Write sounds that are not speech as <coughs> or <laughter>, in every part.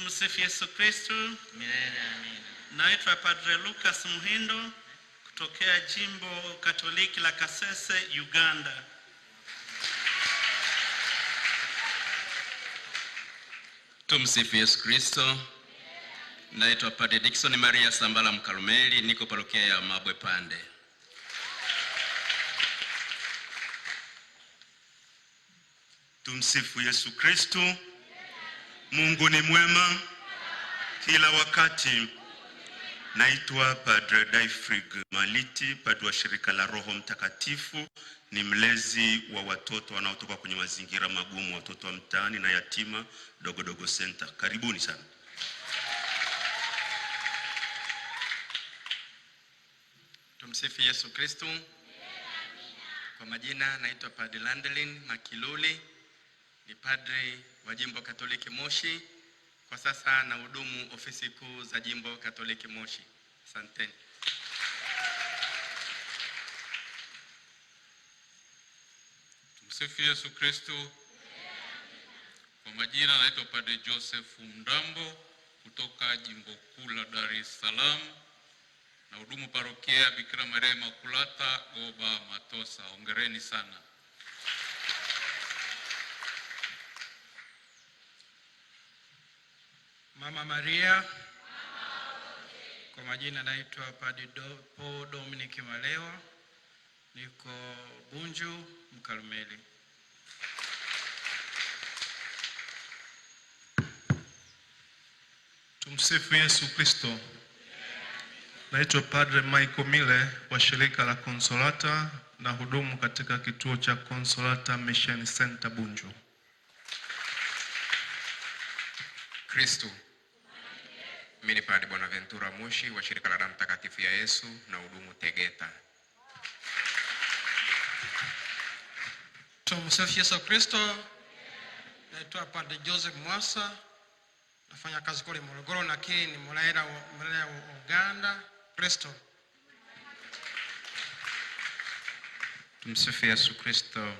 Tumsifu Yesu Kristu. Milele amina. Naitwa Padre Lucas Muhindo kutokea Jimbo Katoliki la Kasese, Uganda. Tumsifu Yesu Kristo. Naitwa Padre Dickson Maria Sambala Mkarumeli, niko parokia ya Mabwe Pande. Tumsifu Yesu Kristu. Mungu ni mwema kila wakati. Naitwa Padre Daifrig Maliti, padre wa shirika la Roho Mtakatifu. Ni mlezi wa watoto wanaotoka kwenye mazingira magumu, watoto wa mtaani na yatima Dogodogo Center. Karibuni sana. Tumsifu Yesu Kristo. Kwa majina naitwa Padre Landelin Makiluli ni padri wa jimbo Katoliki Moshi. Kwa sasa na hudumu ofisi kuu za jimbo Katoliki Moshi. Asanteni. Tumsifu Yesu Kristo. Kwa majina anaitwa Padre Joseph Mndambo kutoka jimbo kuu la Dar es Salaam na hudumu parokia Bikira Maria Makulata Goba Matosa. Hongereni sana. Mama Maria. kwa majina naitwa Padre Paul Dominic Malewa, niko Bunju Mkarmeli. Tumsifu Yesu Kristo. Naitwa Padre Michael Mile wa shirika la Consolata na hudumu katika kituo cha Consolata Mission Center Bunju. Kristo mimi ni Padre Bonaventura Mushi wa shirika la damu takatifu ya Yesu na hudumu Tegeta. Tumsifu Yesu Kristo. Naitwa Padre Joseph Mwasa, nafanya kazi kule Morogoro, lakini ni mraia wa Uganda. Kristo. Tumsifu Yesu Kristo.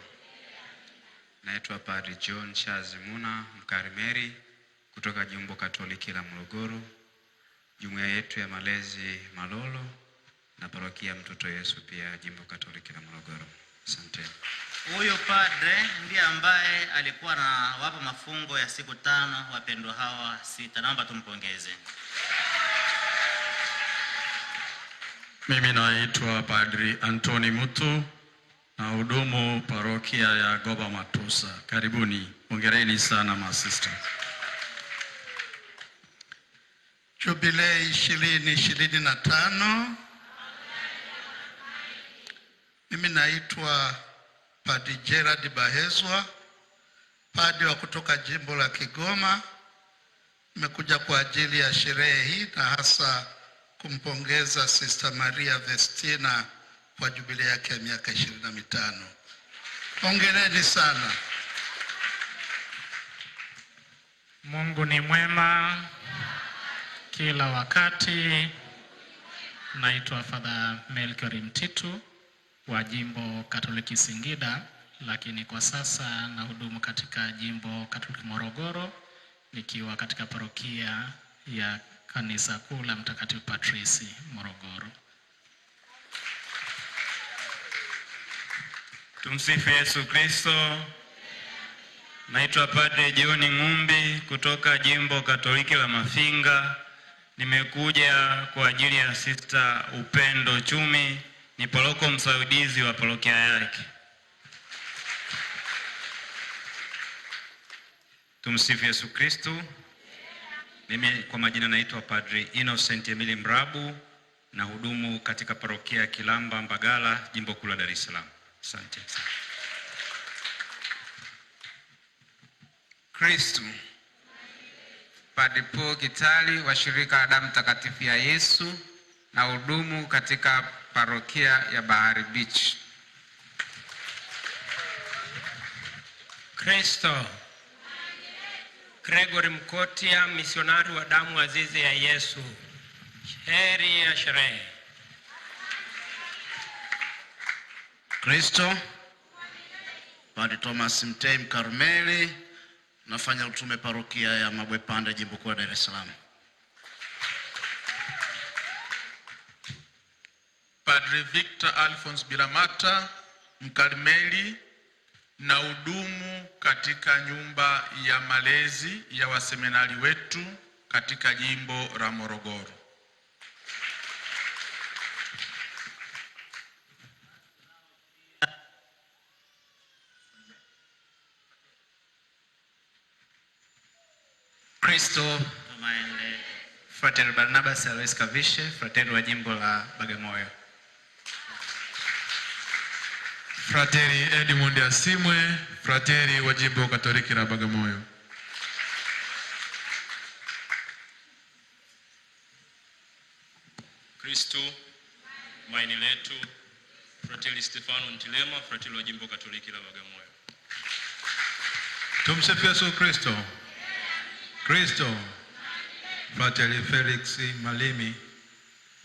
Naitwa Padre John Charles Muna, Mkarimeri kutoka Jimbo Katoliki la Morogoro jumuiya yetu ya malezi Malolo na parokia Mtoto Yesu pia jimbo Katoliki la Morogoro. Asante. Huyo padre ndiye ambaye alikuwa na wapa mafungo ya siku tano wapendwa hawa sita, naomba tumpongeze. Mimi naitwa Padri antoni Mutu na hudumu parokia ya Goba Matusa. Karibuni, hongereni sana masista. Jubilei ishirini ishirini na tano. Mimi naitwa Padre Gerard Bahezwa, padre wa kutoka jimbo la Kigoma. Nimekuja kwa ajili ya sherehe hii na hasa kumpongeza Sister Maria Vestina kwa jubilei yake ya miaka ishirini na mitano. Hongereni sana. Mungu ni mwema kila wakati. Naitwa Father Melchior Mtitu wa jimbo Katoliki Singida, lakini kwa sasa nahudumu katika jimbo Katoliki Morogoro nikiwa katika parokia ya kanisa kuu la Mtakatifu Patrisi Morogoro. Tumsifu Yesu Kristo. Naitwa Padre John Ng'umbi kutoka jimbo Katoliki la Mafinga Nimekuja kwa ajili ya Sista Upendo Chumi, ni paroko msaidizi wa parokia yake. Tumsifu Yesu Kristu. Mimi kwa majina naitwa Padri Innocent Emili Mrabu na hudumu katika parokia ya Kilamba Mbagala, jimbo kuu la Dar es Salaam. Asante. Kristu Padre Paul Kitali wa shirika la damu takatifu ya Yesu na hudumu katika parokia ya Bahari Beach. Kristo Gregory Mkotia, misionari wa damu azizi ya Yesu. Heri ya sherehe. Kristo Padre Thomas Mtei Mkarmeli nafanya utume parokia ya Mabwepande, jimbo kuu la Dar es Salaam. Padre Victor Alphonse Biramata, mkarmeli na udumu katika nyumba ya malezi ya waseminari wetu katika jimbo la Morogoro. Kristo. Frater Barnabas Alois Kavishe, frateri wa jimbo la Bagamoyo. Frateri Edmund Asimwe, frateri wa jimbo Katoliki la Bagamoyo. Kristo maini letu. Frateri Stefano Ntilema, frateri wa jimbo Katoliki la Bagamoyo. Tumsifu Yesu Kristo. Kristo. Frateli Felix Malimi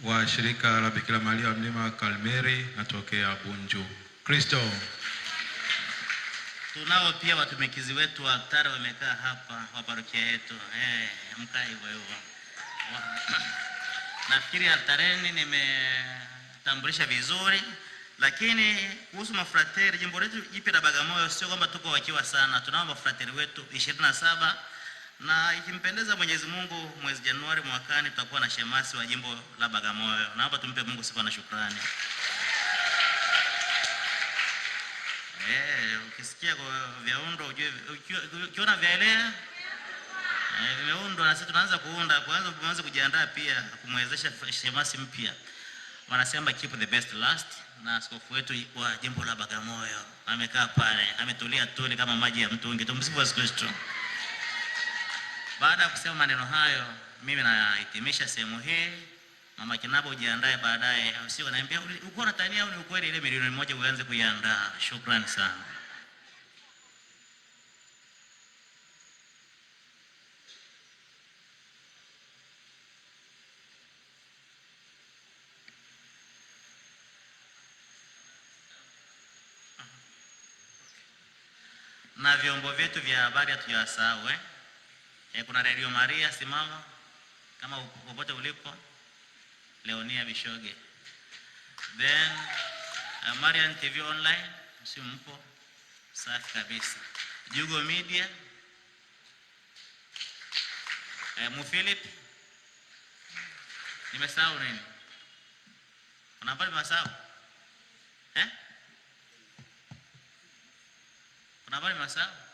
wa shirika la Bikira Maria wa Mlima kalmeri natokea Bunju. Kristo. Tunao pia watumikizi wetu wa altare wamekaa hapa wa parokia yetu. Eh, mkaa hivyo hivyo. <coughs> Nafikiri altareni nimetambulisha vizuri, lakini kuhusu mafrateri, jimbo letu jipya la Bagamoyo sio kwamba tuko wakiwa sana. Tunao mafrateri wetu 27 na ikimpendeza Mwenyezi Mungu, mwezi Januari mwakani tutakuwa na shemasi wa jimbo la Bagamoyo. na hapa tumpe Mungu sifa na shukrani. Eh, ukisikia kwa vyaundwa ujue, ukiona vyaelea eh, vimeundwa na sisi tunaanza kuunda, kwanza tunaanza kujiandaa pia kumwezesha shemasi mpya. Wanasema keep the best last, na askofu wetu wa jimbo la Bagamoyo amekaa pale, ametulia tuli kama maji ya mtungi. Tumsifu Yesu Kristo. Baada ya kusema maneno hayo, mimi nahitimisha sehemu hii. Mama Kinaba, ujiandae baadaye, usiwe naambia uko na tania au ni ukweli, ile milioni moja uanze kuiandaa. Shukrani sana. na vyombo vyetu vya habari hatujawasahau eh? E, kuna Radio Maria simama kama popote ulipo, Leonia Bishoge, then uh, Marian TV online si mpo safi kabisa, Jugo Media e, eh, Philip, nimesahau nini? Kuna pale masahau eh? Kuna pale masahau